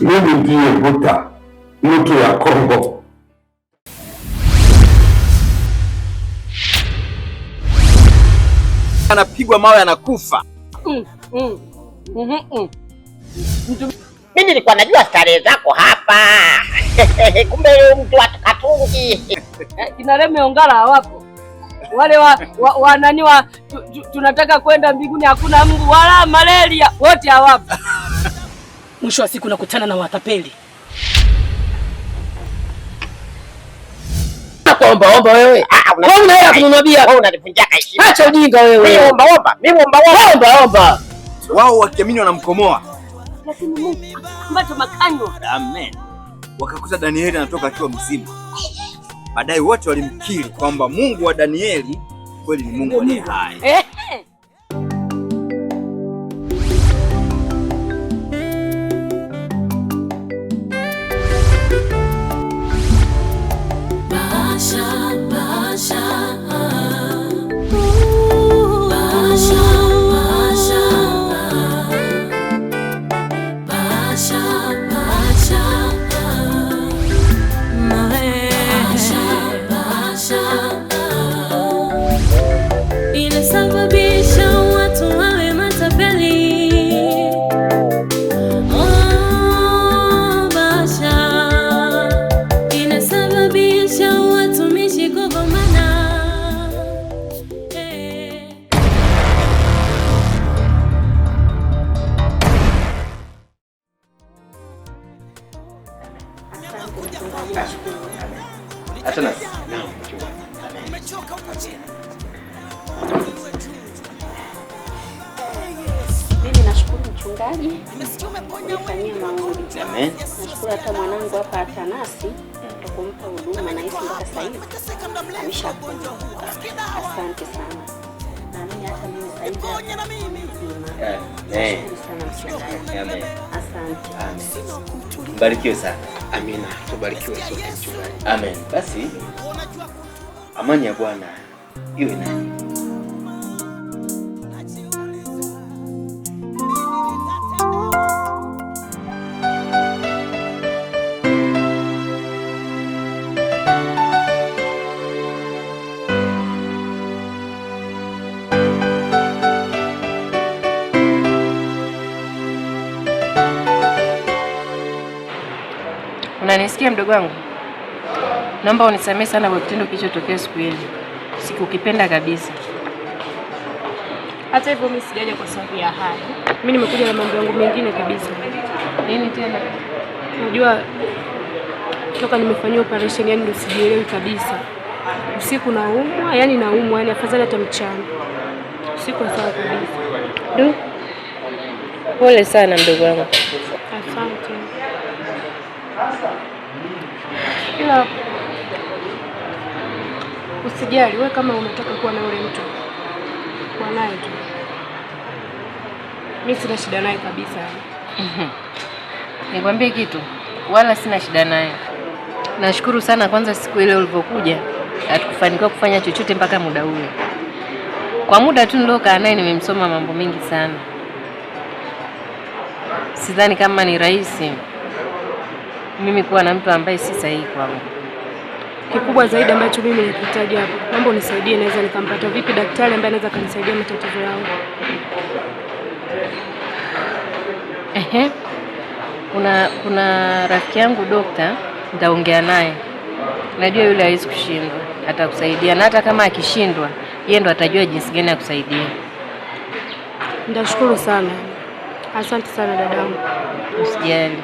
Mimi ndiye Buta mtu ya Kongo. Anapigwa mawe anakufa. Mm, mm, mm, mm, mm. Mimi nilikuwa najua starehe zako hapa kumbe mtu atakatungi Kinareme Ongala wapo wale wa, wa, wa nani wa tunataka kwenda mbinguni, hakuna Mungu wala malaria, wote hawapo mwisho wa siku nakutana na watapeli omba omba wewe. Ah, Wewe unaenda hela kununua bia. Wewe unanivunjia heshima. Acha ujinga wewe. Mimi omba omba. Mimi omba omba. Omba omba. Wao wakiamini wanamkomoa. Lakini Mungu ambacho makanyo. Amen. Wakakuta Danieli anatoka akiwa mzima. Baadaye wote walimkiri kwamba Mungu wa Danieli kweli ni Mungu aliye hai. Eh? Amani ya Bwana iwe nani. Unanisikia mdogo wangu? Naomba unisamehe sana kwa kitendo kilichotokea siku ile. Sikukipenda kabisa. Hata hivyo mimi sijaja kwa sababu ya haya. Mimi nimekuja na mambo yangu mengine kabisa. Nini tena? Unajua toka nimefanyia operation yani ndio sijielewi kabisa. Usiku naumwa, yani naumwa, yani afadhali hata mchana. Siko sawa kabisa. Du. Pole sana mdogo wangu. Asante. Ila Usijali wewe, kama unataka kuwa na yule mtu kuwa naye tu, mimi sina shida naye kabisa. Nikwambie kitu, wala sina shida naye. Nashukuru sana kwanza, siku ile ulivyokuja hatukufanikiwa kufanya chochote mpaka muda ule. Kwa muda tu niliokaa naye nimemsoma mambo mengi sana, sidhani kama ni rahisi mimi kuwa na mtu ambaye si sahihi kwangu kikubwa zaidi ambacho mimi nikihitaji hapo, naomba unisaidie, naweza nikampata vipi daktari ambaye anaweza akanisaidia matatizo yangu? Ehe, kuna kuna rafiki yangu dokta, nitaongea naye. Najua yule hawezi kushindwa, atakusaidia, na hata kama akishindwa, yeye ndo atajua jinsi gani ya kusaidia. Ndashukuru sana, asante sana dadangu. Usijali.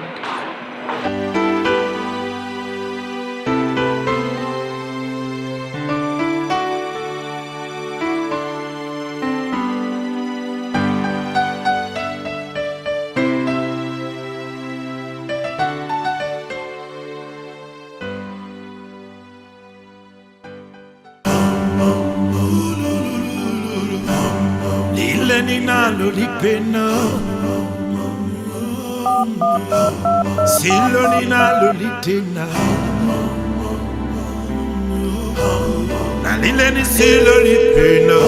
pena silo ninalo litena na lile nisilo lipena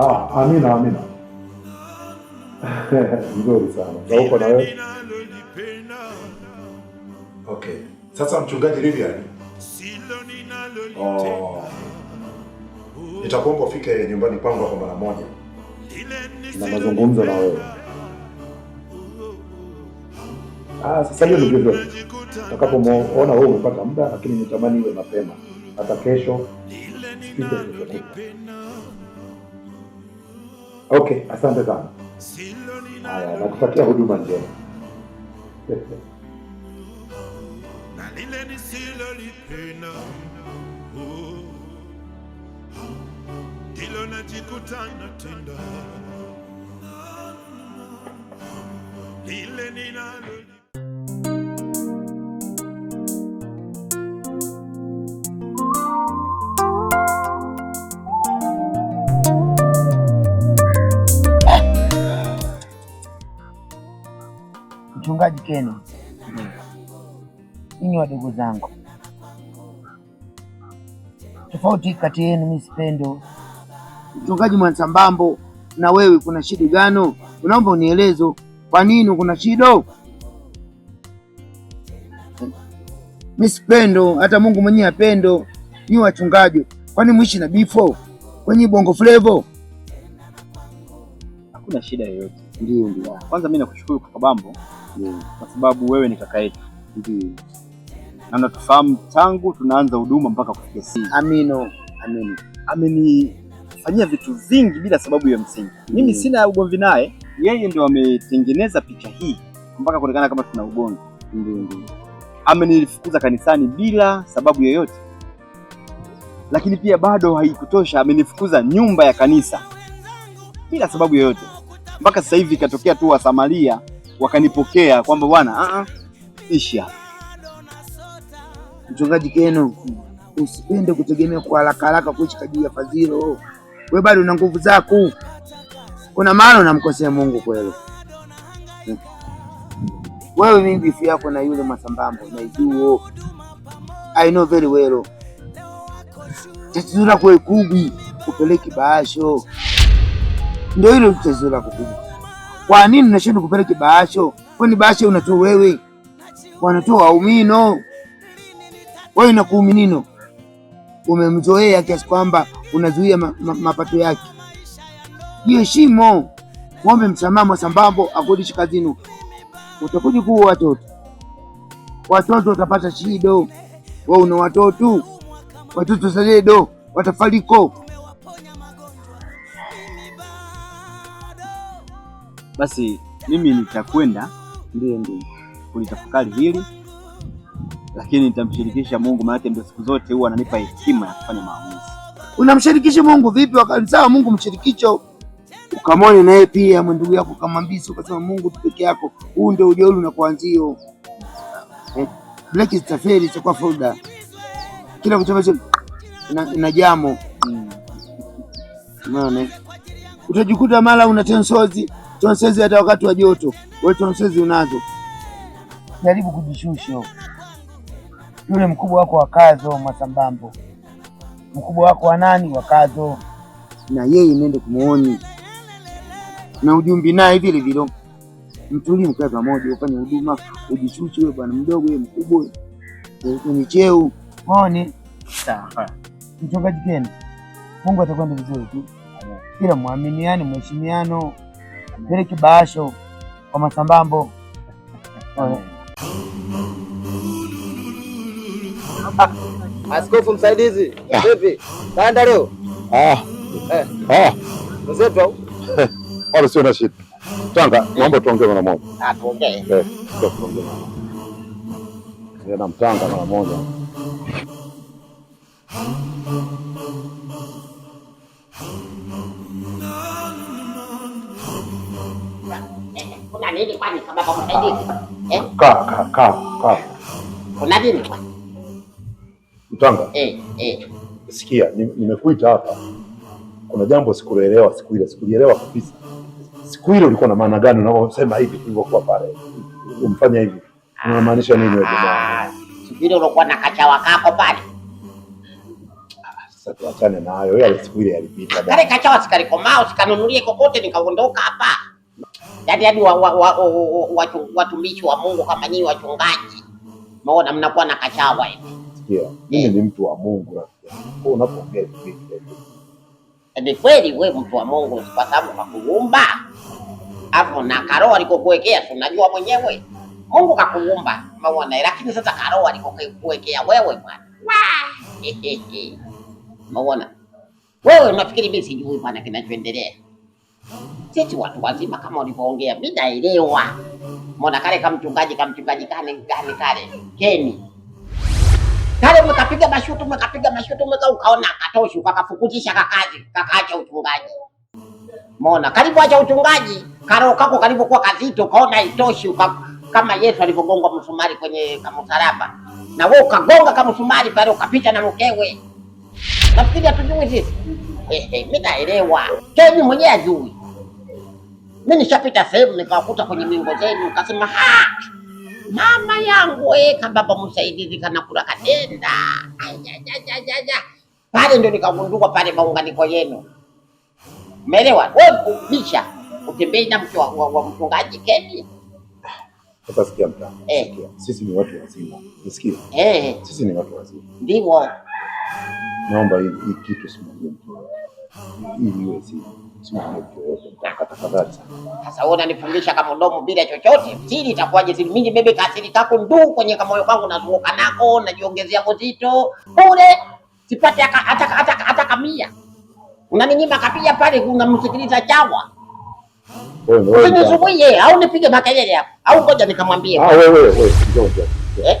Ah, amina amina. Nzuri sana uko na wewe. Okay, sasa mchungaji Lilian. Oh nitakuomba ufike nyumbani kwangu kwa mara moja, na mazungumzo na wewe. Ah, sasa hiyo ndio vivyo, Utakapoona wewe umepata muda, lakini nitamani iwe mapema, hata kesho. Okay, asante sana. Haya, nakutakia huduma njema ndilo najikutana tendo lile ninalo Mchungaji Keni, ninyi wadogo zangu, tofauti kati yenu mi sipendo Mchungaji Mwasambambo, na wewe kuna shida gano? Unaomba unielezo kwa nini kuna shida? Mimi pendo hata Mungu mwenyewe apendo ni wachungaji, kwani mwishi na bifo kwenye bongo flavor? Hakuna shida yoyote. Ndio, ndio. Kwanza mimi nakushukuru kaka Bambo, kwa sababu wewe ni kaka yetu na natufahamu tangu tunaanza huduma mpaka kufikia sisi. Amino, amino. Amini anatufanyia vitu vingi bila sababu ya msingi. Mimi mm. sina ugomvi naye, yeye ndio ametengeneza picha hii mpaka kuonekana kama tuna ugomvi. Ndio, ndio amenifukuza kanisani bila sababu yoyote, lakini pia bado haikutosha, amenifukuza nyumba ya kanisa bila sababu yoyote. Mpaka sasa hivi ikatokea tu Wasamaria wakanipokea kwamba bwana, a ah, a, ah, isha Mchungaji Keno, usipende kutegemea kwa haraka haraka kuishi kadiri ya fadhila wewe bado una nguvu zako. Kuna maana unamkosea Mungu kweli wewe. Mimi bifu yako na yule Mwasambambo naijuo, I know very well. Tatizo lako ikubi kupeleki bahasho, ndio hilo tatizo lako kubwa. Kwa nini unashindwa kupeleki bahasho? Kwani bahasho unatoa wewe, wanatoa waumino, wewe na kuuminino. Umemzoea kiasi kwamba unazuia ma, ma, mapato yake. Jiheshimu, muombe msamaha sambambo akurudishe kazini. Utakuja kuwa watoto, watoto watapata shido Wewe una watoto, watoto saledo watafariko. Basi mimi nitakwenda ndiye ndiye kulitafakari hili lakini nitamshirikisha Mungu, maana ndio siku zote huwa ananipa hekima ya kufanya maamuzi unamshirikishi Mungu vipi? Sawa, Mungu mshirikisho ukamwone naye pia ndugu yako kamambisi, ukasema Mungu tu peke yako, huu ndio ujeuri kuanzio eh, black stafeli itakuwa folda kila kuchamacho na jamo Mane. Mm. Utajikuta mara una tonsozi tonsezi, hata wakati wa joto wewe tonsozi unazo. Jaribu kujishusha, yule mkubwa wako wa kazo masambambo mkubwa wako wa nani wakazo, na yeye imeende kumuoni na ujumbi naye vile vile, mtuli mkae pamoja, ufanye huduma, ujichuche wewe bwana mdogo, wewe mkubwa, kwenye cheo moni. Sawa mchungaji Ken, Mungu atakwenda vizuri tu, kila mwaminiani, mheshimiano vile kibasho kwa masambambo ah. Askofu msaidizi ah. vipi? Kaenda leo? Ah. Eh. Ah. Mzetu. Wala sio na shida. Tanga, naomba eh. tuongee mara moja. Ah, tuongee. Eh, tuongee. Ndio namtanga mara moja. Eh, eh, kuna nini kwani kama kama msaidizi? Eh? Ka ka ka ka. Kuna nini kwani? Mtanga, eh, eh. Sikia, nimekuita ni hapa, kuna jambo sikuelewa siku ile, sikuelewa kabisa. Siku ile ulikuwa na maana gani unaposema hivi ulivyokuwa pale? Umfanya hivi. Unamaanisha nini wewe bwana? Ah, siku ile ulikuwa na kachawa kako pale. Ah, sasa tuachane na hayo. Yale siku ile yalipita. Kale kachawa sikalikomao, sikanunulie kokote nikaondoka hapa. Yaani hadi yaani watumishi wa Mungu kama nyinyi wachungaji. Maona mnakuwa na kachawa hivi kusikia. Mimi ni mtu wa Mungu rafiki, unapoongea ni kweli. wewe mtu wa Mungu, kwa sababu kakuumba hapo na karoho alikokuwekea, tunajua mwenyewe Mungu kakuumba maana, lakini sasa karoho alikokuwekea wewe bwana maona wewe unafikiri mimi sijui bwana kinachoendelea? Sisi watu wazima kama ulivyoongea, mimi naelewa. Mbona kale kama mchungaji kama mchungaji kale kale kale Keni Kale mkapiga mashuti mkapiga mashuti mka ukaona akatoshi kakafukuzisha kakazi kakaacha uchungaji. Mona karibu acha uchungaji, karo kako karibu kuwa kazito, kaona itoshi uka, kama Yesu alivyogongwa msumari kwenye kamsalaba na wewe ukagonga kamusumari msumari pale ukapita na mkewe. Nafikiri hatujui sisi. Eh, eh, mimi naelewa. Kemi mwenyewe ajui. Mimi nishapita sehemu nikawakuta kwenye mingo zenu, ukasema ha mama yangu kambaba msaidizi kanakula kadenda pale, ndo nikagundua pale maunganiko yenu melewa bisha utembei na mke wa mchungaji Kemi. Sasa sikia mtaa, eh. sisi ni watu wazima, nisikia eh, sisi ni watu wazima ndivyo. Naomba hii kitu simamie, ili iwe siri sasa wewe unanifundisha kama mdomo bila chochote, siri itakuwaje? Siri mimi bebe kasiri kako nduu kwenye kamoyo kangu nazunguka nako najiongezea mozito bure, sipate hata kamia. Unaninyima kapia pale, unamsikiliza chawa nizuie au nipige makelele hapo au ngoja nikamwambie ah, eh?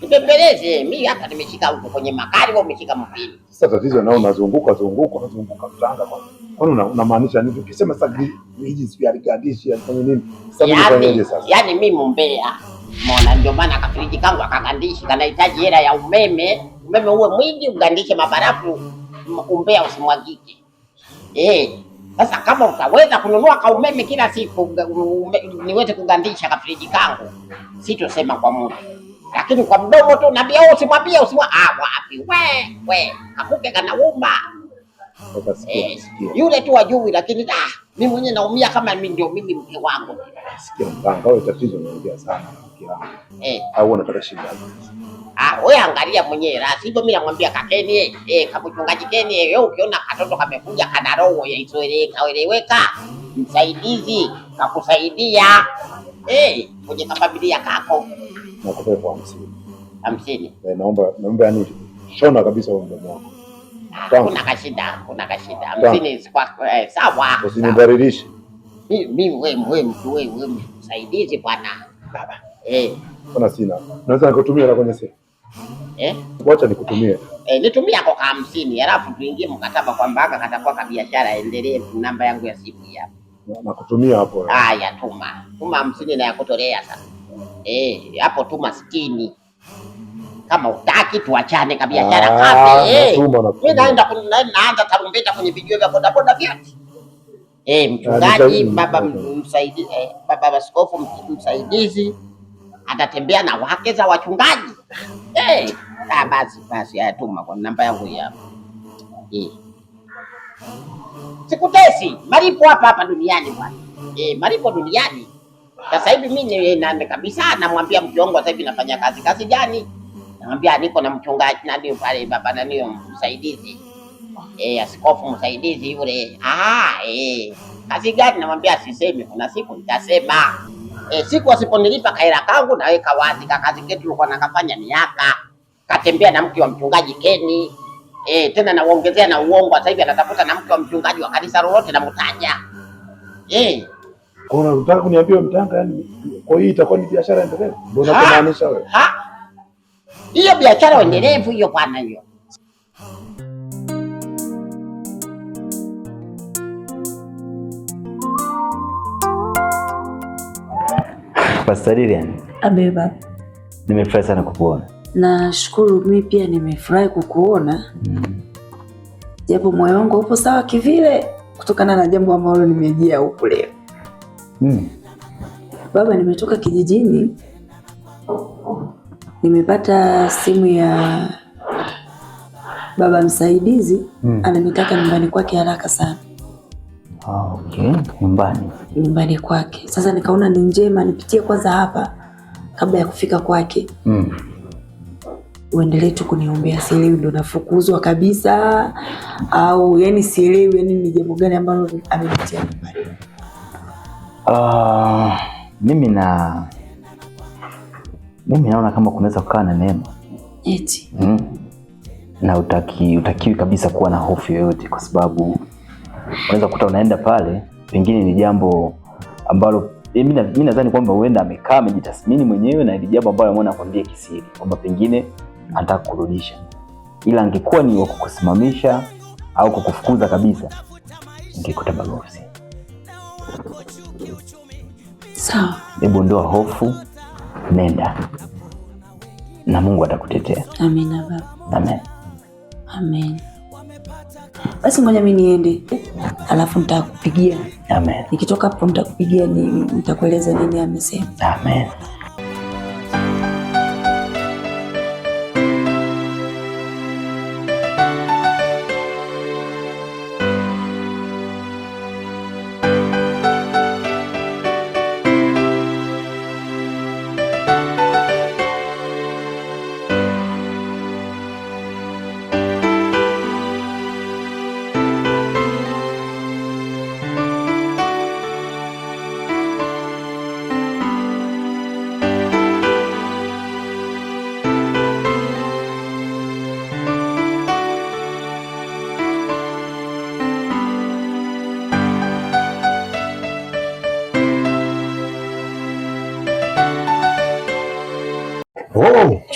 nipepeleze mimi hapa, nimeshika huko kwenye makali, wewe umeshika mpini sasa tatizo nao unazunguka zunguka unazunguka mchanga kwa. Kwani unamaanisha nini? Ukisema sasa hizi si alikadishi alifanya nini? Sasa nini yaani, sasa? Yaani mimi mumbea. Mbona ndio maana kafriji kangu akagandishi kanahitaji hela ya umeme. Umeme uwe mwingi ugandishe mabarafu umbea usimwagike. Eh, sasa kama utaweza kununua ka umeme kila siku niweze kugandisha kafriji kangu. Sitosema kwa mtu lakini kwa mdomo tu naambia wewe, oh, usimwambie usimwa. Ah, wapi we we, akuke kana umba eh, yule tu wajui, lakini ah, mimi mwenyewe naumia kama mimi ndio mimi mke wangu. Sikia mganga, wewe tatizo unaongea sana mke wangu eh, au unataka shida? Ah, wewe angalia mwenyewe rasi hivyo. Mimi namwambia kakeni eh, eh kabuchungaji keni eh, wewe, ukiona katoto kamekuja kana roho ya isoeleka eleweka, msaidizi kakusaidia eh kwenye kafamilia kako nakupa elfu hamsini. Hamsini? Eh, naomba naomba, yani shona kabisa huo mdomo wako. Kuna kashida, kuna kashida. Hamsini eh, sawa. Usinidhalilishe mimi, wewe mtu wewe msaidizi bwana. Baba. Eh. Kuna sina. Naweza nikutumia la kwenye simu. Eh? Wacha nikutumie. Eh, nitumie hapo kwa hamsini alafu tuingie mkataba kwamba aka katakuwa kwa biashara endelee namba yangu ya simu hapa. Nakutumia hapo. Haya, tuma. Tuma hamsini na yakutolea sasa. Eh, hapo tu maskini kama utaki tuachane kabiashara ah, kafe. Eh. Mimi naenda naanza tarumbeta kwenye vijio vya bodaboda vyati. Eh, mchungaji ah, baba msaidizi, eh, baba askofu msaidizi atatembea na wake za wachungaji. Eh, ah, basi basi, tuma kwa namba yangu hapo. Eh, sikutesi malipo hapa hapa duniani bwana. Eh, malipo duniani sasa hivi mimi nina kabisa, namwambia mke wangu sasa hivi nafanya kazi. Kazi gani? Namwambia niko na mchungaji nani pale baba nani msaidizi. Oh. Eh, askofu msaidizi yule. Ah, eh. Kazi gani? Namwambia sisemi, kuna siku nitasema. Eh, siku asiponilipa kaira kangu na weka wazi kazi yetu tulikuwa nakafanya miaka. Katembea na mke wa mchungaji Keni. Eh, tena naongezea na uongo sasa hivi anatafuta na mke wa mchungaji wa kanisa lolote namtaja. Eh, kwa unataka kuniambia mtanga yani, kwa hiyo itakuwa ni biashara endelevu? Mbona kumaanisha wewe? Hiyo biashara endelevu hiyo bwana hiyo. Pastor Lilian. Abeba. Nimefurahi sana kukuona. Nashukuru mimi pia nimefurahi kukuona. Mm-hmm. Japo Mm. moyo wangu upo sawa kivile kutokana na jambo ambalo nimejia huko leo mm. Baba, nimetoka kijijini, nimepata simu ya baba msaidizi mm. ananitaka nyumbani kwake haraka sana. Ah, okay. Nyumbani nyumbani kwake. Sasa nikaona ni njema nipitie kwanza hapa kabla ya kufika kwake mm. Uendelee tu kuniombea, sielewi ndo nafukuzwa kabisa au yani sielewi, yani ni jambo gani ambalo amenitia nyumbani Uh, mimi na mimi naona kama kunaweza kukaa na neema eti mm. na utaki, utakiwi kabisa kuwa na hofu yoyote, kwa sababu unaweza kukuta unaenda pale, pengine ni jambo ambalo E, eh, mimi nadhani kwamba huenda amekaa amejitathmini mwenyewe na ile jambo ambalo ameona kwambie kisiri kwamba pengine anataka kurudisha, ila angekuwa ni wa kukusimamisha au kukufukuza kabisa, ungekuta bagofsi. Sawa, hebu ndoa hofu, nenda na Mungu atakutetea. Amina baba. Amen. Amen. Basi ngoja mimi niende, alafu nitakupigia. Amen. Nikitoka hapo nitakupigia, nitakueleza nini amesema. Amen.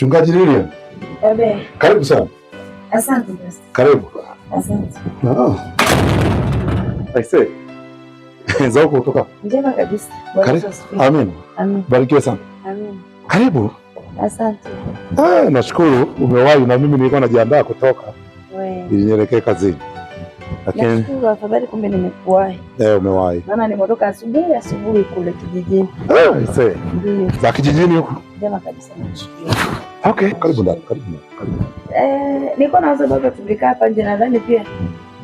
Mchungaji Lilian. Amen. Karibu sana. Asante. Karibu. Asante. No. Ah. Aise. Zao kutoka. Njema kabisa. Karibu. Amen. Amen. Barikiwe sana. Amen. Karibu. Asante. Ah, nashukuru umewahi na mimi nilikuwa najiandaa kutoka. Wewe. Nilielekea kazini. Lakini nashukuru afadhali kumbe nimekuwahi. Eh, umewahi. Maana nimeondoka asubuhi asubuhi kule kijijini. Eh, aise. Ndio. Za kijijini huko. Njema kabisa. Nashukuru. Okay, karibu ndani, karibu karibu. Eh, na sababu ya kufika hapa nje nadhani pia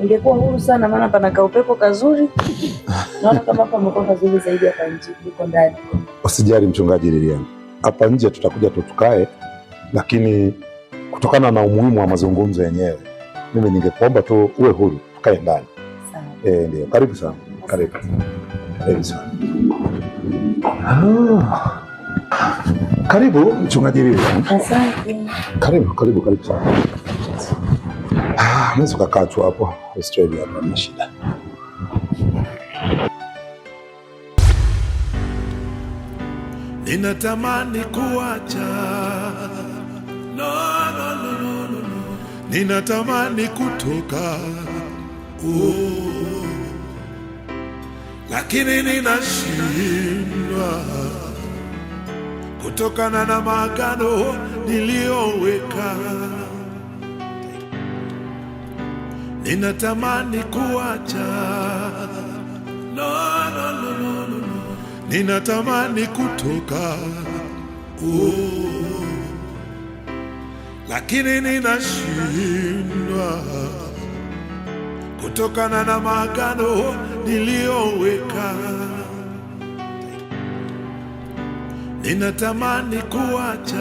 ingekuwa huru sana maana pana kaupepo kazuri. Naona kama hapa mko vizuri zaidi hapa nje kuliko ndani. Usijali mchungaji Lilian. Hapa nje tutakuja tu tukae, lakini kutokana na umuhimu wa mazungumzo yenyewe mimi ningekuomba tu uwe huru tukae ndani. Sawa. Eh, ndio. Karibu sana. Karibu. Karibu sana. Ah. Karibu mchungaji Lili. Asante. Karibu, karibu, karibu sana. Ah, naweza kukaa tu hapo Australia, hamna shida. Ninatamani kuacha. No, no, no, no, no. Ninatamani kutoka. Oh. Lakini ninashindwa kutokana na maagano niliyoweka. Ninatamani kuacha no, no, no, no, no. Ninatamani kutoka Ooh. lakini ninashindwa kutokana na maagano niliyoweka ninatamani kuacha,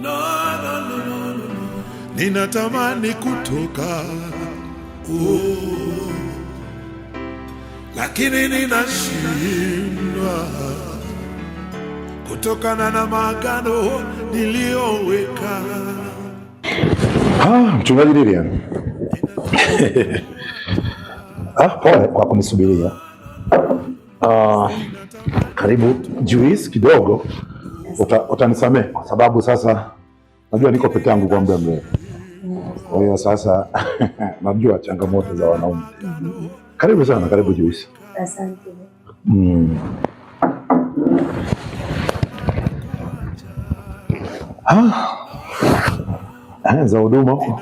no, no, no, no, no. ninatamani kutoka lakini ninashindwa kutokana na maagano niliyoweka. Ah, mchungaji Lilian ah, pole kwa kunisubiria ah karibu juice kidogo, utanisamehe uta, kwa sababu sasa najua niko peke yangu kwa muda mrefu. Kwa hiyo sasa najua changamoto za wanaume. Mm-hmm. Karibu sana, karibu juice. Asante. Mm. Ah, eh, za huduma huko,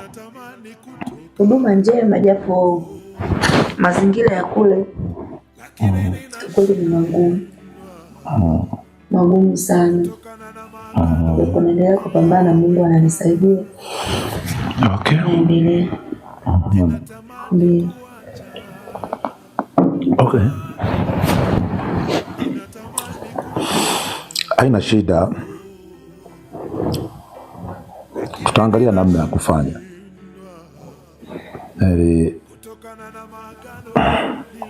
huduma njema, japo mazingira ya kule mm, kweli ni magumu Ah. magumu sana. Ah. Kuendelea kupambana, Mungu ananisaidia. Okay. Naendelea. Hmm. Ndio. Okay. Haina shida, tutaangalia namna ya kufanya ili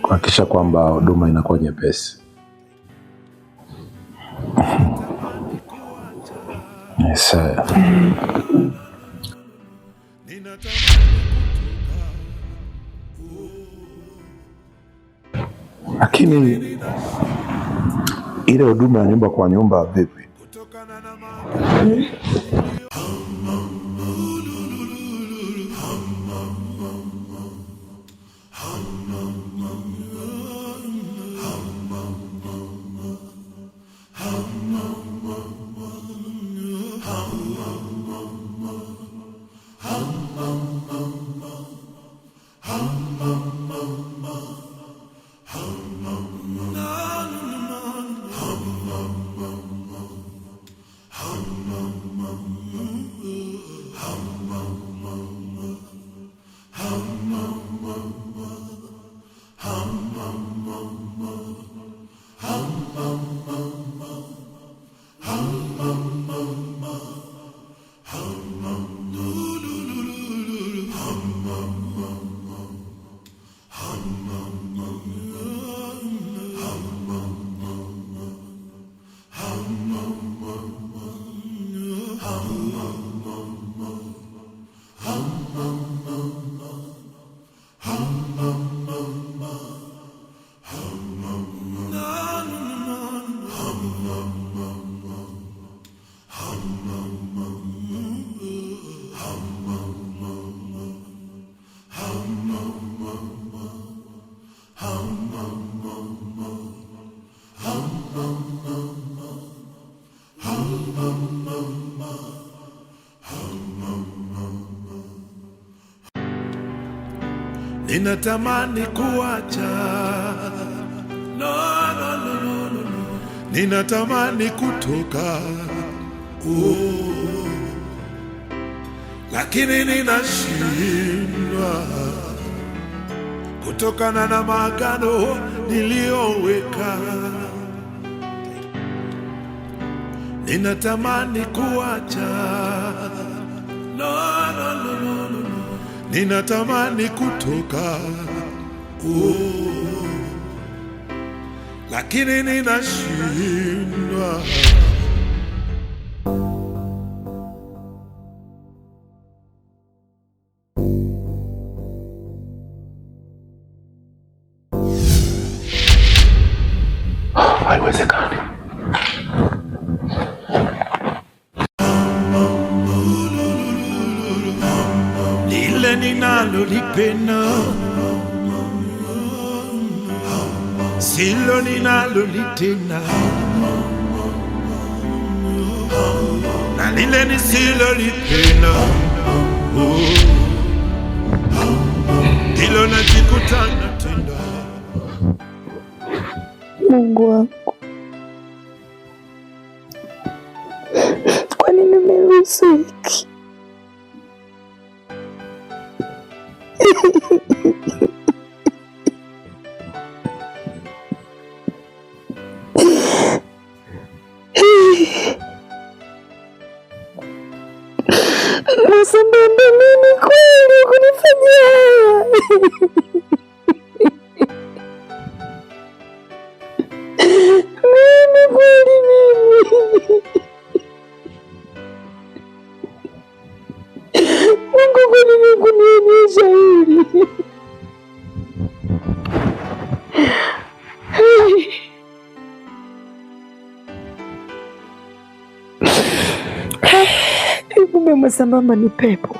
kuhakikisha kwamba huduma inakuwa nyepesi. Isaya. Lakini ile huduma ya nyumba kwa nyumba vipi? mom, mom, mom. ninatamani kuacha, no, no, no, no, no. ninatamani kutoka oh. Lakini ninashindwa kutokana na maagano niliyoweka. Ninatamani kuacha no ninatamani kutoka oh, lakini ninashindwa. ninalolitenda na lile ndilo Mungu wangu, kwa nini nimeruhusu hiki? sambamba ni pepo